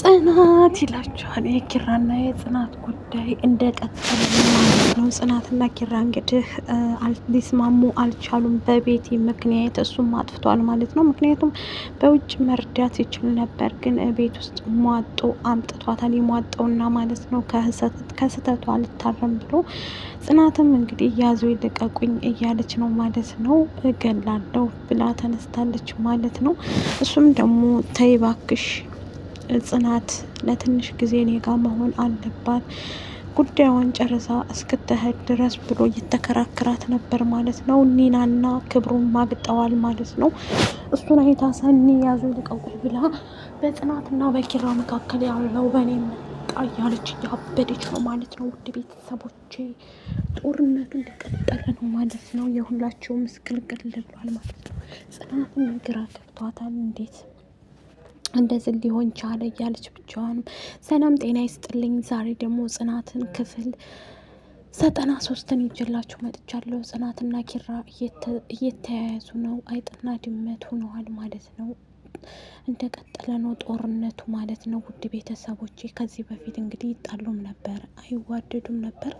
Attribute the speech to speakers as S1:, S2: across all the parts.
S1: ጽናት ይላችኋል። የኪራና የጽናት ጉዳይ እንደ ቀጠለ ማለት ነው። ጽናትና ኪራ እንግዲህ ሊስማሙ አልቻሉም። በቤቲ ምክንያት እሱም አጥፍቷል ማለት ነው። ምክንያቱም በውጭ መርዳት ይችል ነበር፣ ግን ቤት ውስጥ ሟጦ አምጥቷታል። የሟጠውና ማለት ነው ከስህተቷ አልታረም ብሎ ጽናትም እንግዲህ ያዙ ይልቀቁኝ እያለች ነው ማለት ነው። እገላለሁ ብላ ተነስታለች ማለት ነው። እሱም ደግሞ ተይባክሽ ጽናት ለትንሽ ጊዜ እኔ ጋ መሆን አለባት ጉዳዩን ጨርሳ እስክትሄድ ድረስ ብሎ እየተከራከራት ነበር ማለት ነው። ኒናና ክብሩን ማግጠዋል ማለት ነው። እሱን አይታ ሰኒ ያዙ ልቀቁ ብላ በጽናትና በኪራ መካከል ያለው በእኔ መጣ እያለች እያበደች ነው ማለት ነው። ውድ ቤተሰቦቼ ጦርነቱ እንደቀጠለ ነው ማለት ነው። የሁላቸውም ምስቅልቅል ብሏል ማለት ነው። ጽናትን ግራ ገብቷታል እንዴት እንደዚህ ሊሆን ቻለ እያለች ብቻዋንም። ሰላም ጤና ይስጥልኝ። ዛሬ ደግሞ ጽናትን ክፍል ዘጠና ሶስትን ይጀላችሁ መጥቻለሁ። ጽናትና ኪራ እየተያያዙ ነው። አይጥና ድመት ሆነዋል ማለት ነው። እንደ ቀጠለ ነው ጦርነቱ ማለት ነው። ውድ ቤተሰቦቼ ከዚህ በፊት እንግዲህ ይጣሉም ነበር፣ አይዋደዱም ነበር።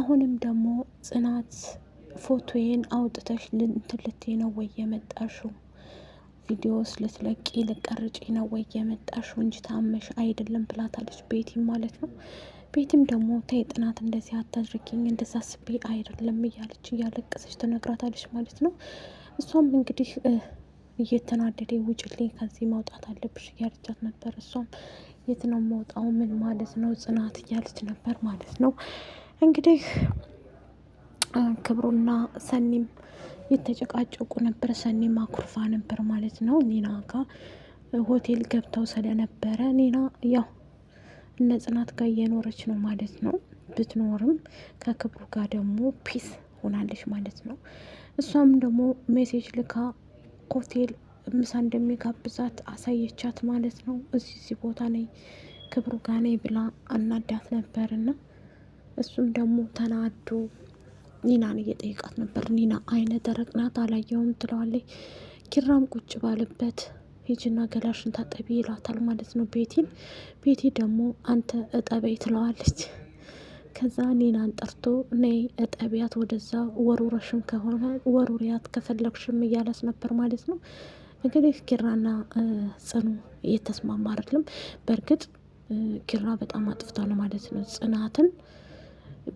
S1: አሁንም ደግሞ ጽናት ፎቶዬን አውጥተሽ ልንትልቴ ነው ወይ የመጣሽው ቪዲዮስ ልትለቂ ልቀርጭ ነው ወይ የመጣሽ እንጂ ታመሽ አይደለም ብላታለች ቤቲም ማለት ነው። ቤቲም ደግሞ ተይ ጥናት እንደዚህ አታድርጊኝ እንደዛ ስቤ አይደለም እያለች እያለቀሰች ትነግራታለች ማለት ነው። እሷም እንግዲህ እየተናደደ ውጭልኝ ከዚህ መውጣት አለብሽ እያለቻት ነበር። እሷም የት ነው መውጣው ምን ማለት ነው ጽናት እያለች ነበር ማለት ነው እንግዲህ ክብሩና ሰኒም የተጨቃጨቁ ነበር። ሰኒም አኩርፋ ነበር ማለት ነው። ኒና ጋ ሆቴል ገብተው ስለነበረ ኒና ያው እነ ጽናት ጋር እየኖረች ነው ማለት ነው። ብትኖርም ከክብሩ ጋር ደግሞ ፒስ ሆናለች ማለት ነው። እሷም ደግሞ ሜሴጅ ልካ ሆቴል ምሳ እንደሚጋብዛት አሳየቻት ማለት ነው። እዚህ እዚህ ቦታ ነኝ ክብሩ ጋ ነኝ ብላ አናዳት ነበርና እሱም ደግሞ ተናዶ ኒናን እየጠየቃት ነበር። ኒና አይነ ደረቅ ናት፣ አላየውም ትለዋለች። ኪራም ቁጭ ባለበት ሂጂና ገላሽን ታጠቢ ይላታል ማለት ነው ቤቲን። ቤቲ ደግሞ አንተ እጠበይ ትለዋለች። ከዛ ኒናን ጠርቶ ነይ እጠቢያት፣ ወደዛ ወሩረሽም ከሆነ ወሩሪያት ከፈለግሽም እያለስ ነበር ማለት ነው። እንግዲህ ኪራና ጽኑ እየተስማማ አይደለም። በእርግጥ ኪራ በጣም አጥፍታ ነው ማለት ነው። ጽናትን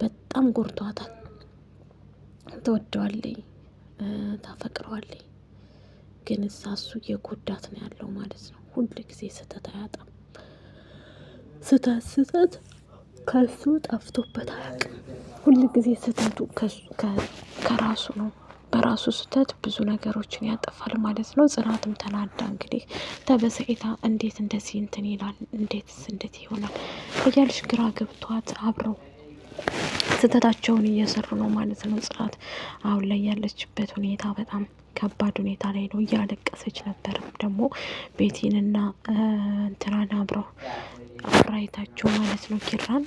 S1: በጣም ጎርቷታል። ተወደዋለኝ ታፈቅረዋለኝ። ግን እዛ እሱ የጎዳት ነው ያለው ማለት ነው። ሁል ጊዜ ስህተት አያጣም። ስህተት ስህተት ከሱ ጠፍቶበት አያውቅም። ሁል ጊዜ ስህተቱ ከራሱ ነው። በራሱ ስህተት ብዙ ነገሮችን ያጠፋል ማለት ነው። ጽናትም ተናዳ እንግዲህ ተበሳጭታ እንዴት እንደዚህ እንትን ይላል፣ እንዴትስ እንደዚህ ይሆናል እያልሽ ግራ ገብቷት አብረው ስህተታቸውን እየሰሩ ነው ማለት ነው። ጽናት አሁን ላይ ያለችበት ሁኔታ በጣም ከባድ ሁኔታ ላይ ነው። እያለቀሰች ነበርም ደግሞ ቤቲንና እንትራን አብረው አፍራይታቸው ማለት ነው። ኪራን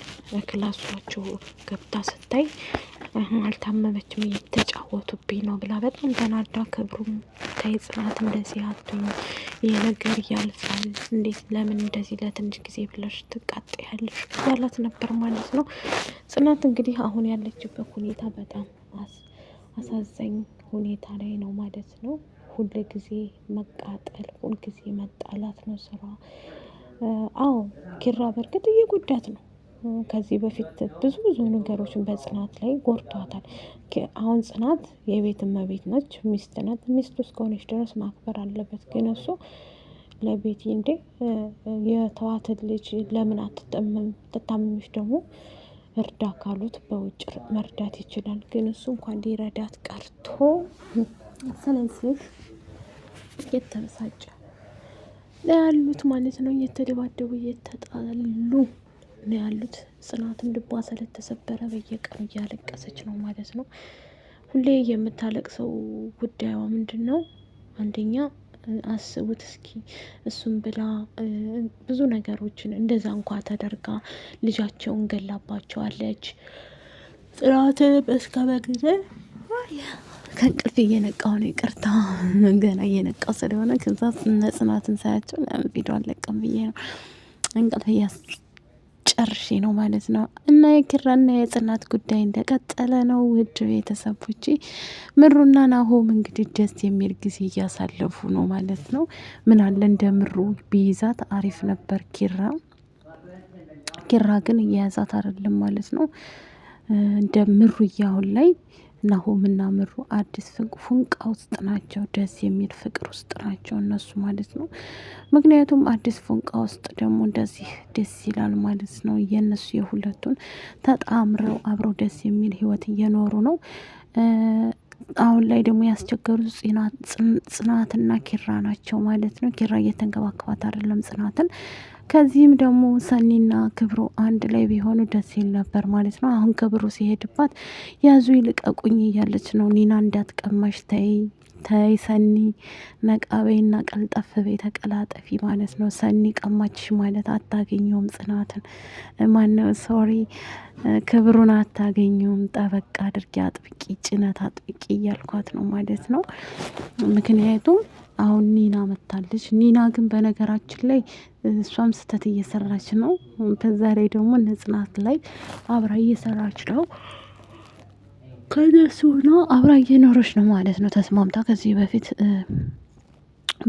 S1: ክላሷቸው ገብታ ስታይ አልታመመችም እየተጫወቱብኝ ነው ብላ በጣም ተናዳ፣ ክብሩም ተይ እንደዚህ አትሁኝ፣ ይህ ነገር ያልፋል፣ እንዴት ለምን እንደዚህ ለትንሽ ጊዜ ብለሽ ትቃጠያለሽ ያላት ነበር ማለት ነው። ጽናት እንግዲህ አሁን ያለችበት ሁኔታ በጣም አሳዛኝ ሁኔታ ላይ ነው ማለት ነው። ሁል ጊዜ መቃጠል፣ ሁል ጊዜ መጣላት ነው ስራ። አዎ ኪራ በእርግጥ እየጎዳት ነው ከዚህ በፊት ብዙ ብዙ ነገሮችን በጽናት ላይ ጎርቷታል። አሁን ጽናት የቤት እመቤት ነች፣ ሚስት ናት። ሚስቱ እስከሆነች ድረስ ማክበር አለበት። ግን እሱ ለቤቲ እንዴ የተዋትን ልጅ ለምን አትጠምም? ትታመምሽ ደግሞ እርዳ ካሉት በውጭ መርዳት ይችላል። ግን እሱ እንኳን ሊረዳት ቀርቶ ስለዚህ እየተበሳጨ ያሉት ማለት ነው። እየተደባደቡ እየተጣሉ ነው ያሉት። ጽናትም ልቧ ስለተሰበረ በየቀኑ እያለቀሰች ነው ማለት ነው። ሁሌ የምታለቅሰው ጉዳዩዋ ምንድን ነው? አንደኛ አስቡት እስኪ እሱም ብላ ብዙ ነገሮችን እንደዛ እንኳ ተደርጋ ልጃቸውን ገላባቸዋለች። ጽናትንም እስከ በጊዜ ከእንቅልፍ እየነቃሁ ነው፣ ይቅርታ ገና እየነቃሁ ስለሆነ ከዛ እነ ጽናትን ሳያቸው ለምን ቪዲዮ አለቀም ብዬ ነው እንቅልፍ እያስ ጨርሼ ነው ማለት ነው። እና የኪራና የጽናት ጉዳይ እንደቀጠለ ነው። ውድ ቤተሰቦች ምሩና ናሆም እንግዲህ ደስ የሚል ጊዜ እያሳለፉ ነው ማለት ነው። ምን አለ እንደ ምሩ ቢይዛት አሪፍ ነበር። ኪራ ኪራ ግን እያያዛት አይደለም ማለት ነው እንደ ምሩ እያሁን ላይ ናሆምና ምሩ አዲስ ፉንቃ ውስጥ ናቸው። ደስ የሚል ፍቅር ውስጥ ናቸው እነሱ ማለት ነው። ምክንያቱም አዲስ ፉንቃ ውስጥ ደግሞ እንደዚህ ደስ ይላል ማለት ነው። የእነሱ የሁለቱን ተጣምረው አብረው ደስ የሚል ህይወት እየኖሩ ነው። አሁን ላይ ደግሞ ያስቸገሩ ጽናትና ኪራ ናቸው ማለት ነው። ኪራ እየተንከባከባት አይደለም ጽናትን ከዚህም ደግሞ ሰኒና ክብሩ አንድ ላይ ቢሆኑ ደስ ይል ነበር ማለት ነው። አሁን ክብሩ ሲሄድባት ያዙ ይልቀቁኝ እያለች ነው። ኒና እንዳትቀማሽ ተይ ተይ ሰኒ ነቃቤና ቀልጠፍ ቤ ተቀላጠፊ ማለት ነው። ሰኒ ቀማችሽ ማለት አታገኘውም። ጽናትን ማነው ሶሪ ክብሩን አታገኘውም። ጠበቅ አድርጌ አጥብቂ ጭነት አጥብቂ እያልኳት ነው ማለት ነው። ምክንያቱም አሁን ኒና መታለች። ኒና ግን በነገራችን ላይ እሷም ስህተት እየሰራች ነው። ከዛ ላይ ደግሞ ነጽናት ላይ አብራ እየሰራች ነው። ከነሱ ነው አብራ እየኖረች ነው ማለት ነው ተስማምታ ከዚህ በፊት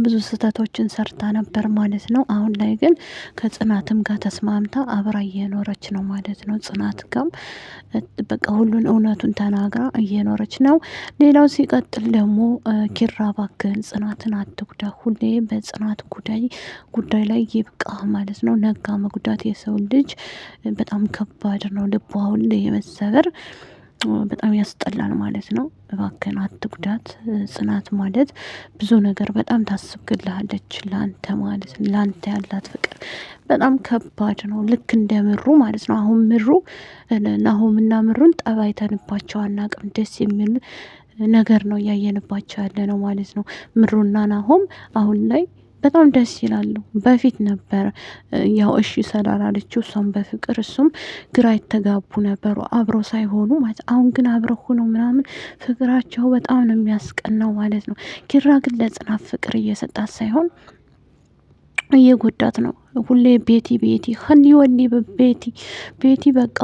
S1: ብዙ ስህተቶችን ሰርታ ነበር ማለት ነው። አሁን ላይ ግን ከጽናትም ጋር ተስማምታ አብራ እየኖረች ነው ማለት ነው። ጽናት ጋም በቃ ሁሉን እውነቱን ተናግራ እየኖረች ነው። ሌላው ሲቀጥል ደግሞ ኪራ ባክህን ጽናትን አትጉዳ፣ ሁሌ በጽናት ጉዳይ ጉዳይ ላይ ይብቃ ማለት ነው። ነጋ መጉዳት የሰው ልጅ በጣም ከባድ ነው። ልቧ ሁሌ የመሰበር በጣም ያስጠላል ማለት ነው። እባክህን አትጉዳት። ጽናት ማለት ብዙ ነገር በጣም ታስብግልሃለች ለአንተ ማለት ነው። ለአንተ ያላት ፍቅር በጣም ከባድ ነው። ልክ እንደ ምሩ ማለት ነው። አሁን ምሩ እና ምሩን ጠባይተንባቸው አናቅም። ደስ የሚል ነገር ነው እያየንባቸው ያለ ነው ማለት ነው። ምሩና ናሆም አሁን ላይ በጣም ደስ ይላሉ። በፊት ነበር ያው እሺ ሰላል አለችው እሷም በፍቅር እሱም ግራ የተጋቡ ነበሩ አብረው ሳይሆኑ ማለት አሁን ግን አብረው ሆነው ምናምን ፍቅራቸው በጣም ነው የሚያስቀናው ማለት ነው። ኪራ ግን ለጽናት ፍቅር እየሰጣት ሳይሆን እየጎዳት ነው። ሁሌ ቤቲ ቤቲ ህኒ ወኒ ቤቲ ቤቲ በቃ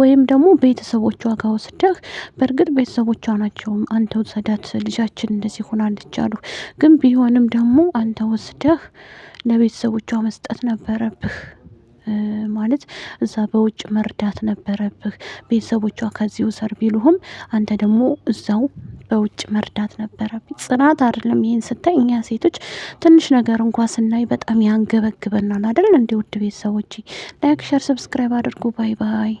S1: ወይም ደግሞ ቤተሰቦቿ ጋር ወስደህ በእርግጥ ቤተሰቦቿ ናቸው አንተ ወሰዳት ልጃችን እንደዚህ ሆናለች አሉ። ግን ቢሆንም ደግሞ አንተ ወስደህ ለቤተሰቦቿ መስጠት ነበረብህ። ማለት እዛ በውጭ መርዳት ነበረብህ። ቤተሰቦቿ ከዚህ ውሰር ቢሉህም አንተ ደግሞ እዛው በውጭ መርዳት ነበረብኝ። ጽናት አይደለም ይህን ስታይ እኛ ሴቶች ትንሽ ነገር እንኳ ስናይ በጣም ያንገበግበናል አይደል? እንዲ ውድ ቤተሰቦች ላይክ፣ ሸር፣ ሰብስክራይብ አድርጉ። ባይ ባይ።